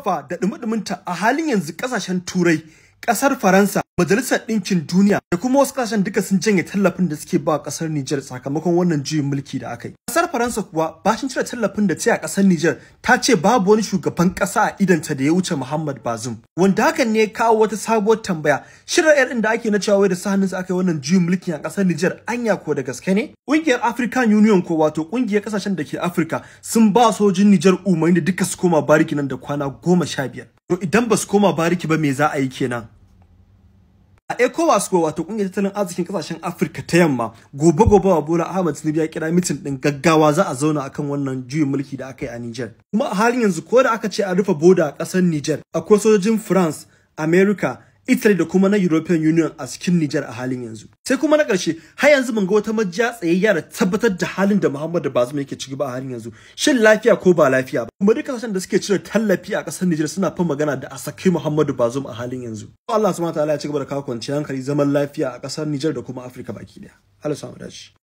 da dumi a halin yanzu kasashen turai kasar Faransa, Majalisar Ɗinkin Duniya da kuma wasu kasashen duka sun janye tallafin da suke ba kasar Nijar sakamakon wannan juyin mulki da aka yi. Kasar Faransa kuwa bashin cire tallafin da ce a kasar Nijar ta ce babu wani shugaban kasa a idanta da ya wuce Muhammad Bazoum. Wanda hakan ne ya kawo wata sabuwar tambaya. Shirin yar inda ake na cewa wai da sahanin su aka yi wannan juyin mulki a kasar Nijar anya ko da gaske ne? Ƙungiyar African Union ko wato ƙungiyar kasashen da ke Afirka sun ba sojin Nijar umarni da duka su koma bariki nan da kwana goma sha biyar. To idan ba su koma bariki ba me za a yi kenan? a ECOWAS ko wato kungiyar tattalin arzikin kasashen Afirka ta yamma gobe gobe wa Bola Ahmed Tinubu ya kira mitin din gaggawa za a zauna akan wannan juyin mulki da aka yi a Niger kuma a halin yanzu ko da aka ce a rufe boda a kasar Niger akwai sojojin France America Italy da kuma na European Union a cikin Niger a halin yanzu. Sai kuma na ƙarshe har yanzu mun ga wata majiya tsayayya da tabbatar da halin da Muhammadu Bazuma yake ciki ba a halin yanzu. Shin lafiya ko ba lafiya ba? Kuma duka da suke cire tallafi a ƙasar Niger suna fa magana da a saki Muhammadu Bazuma a halin yanzu. Ko Allah subhanahu wa ta'ala ya ci gaba da kawo kwanciyar hankali zaman lafiya a ƙasar Niger da kuma Afirka baki daya. Allah subhanahu wa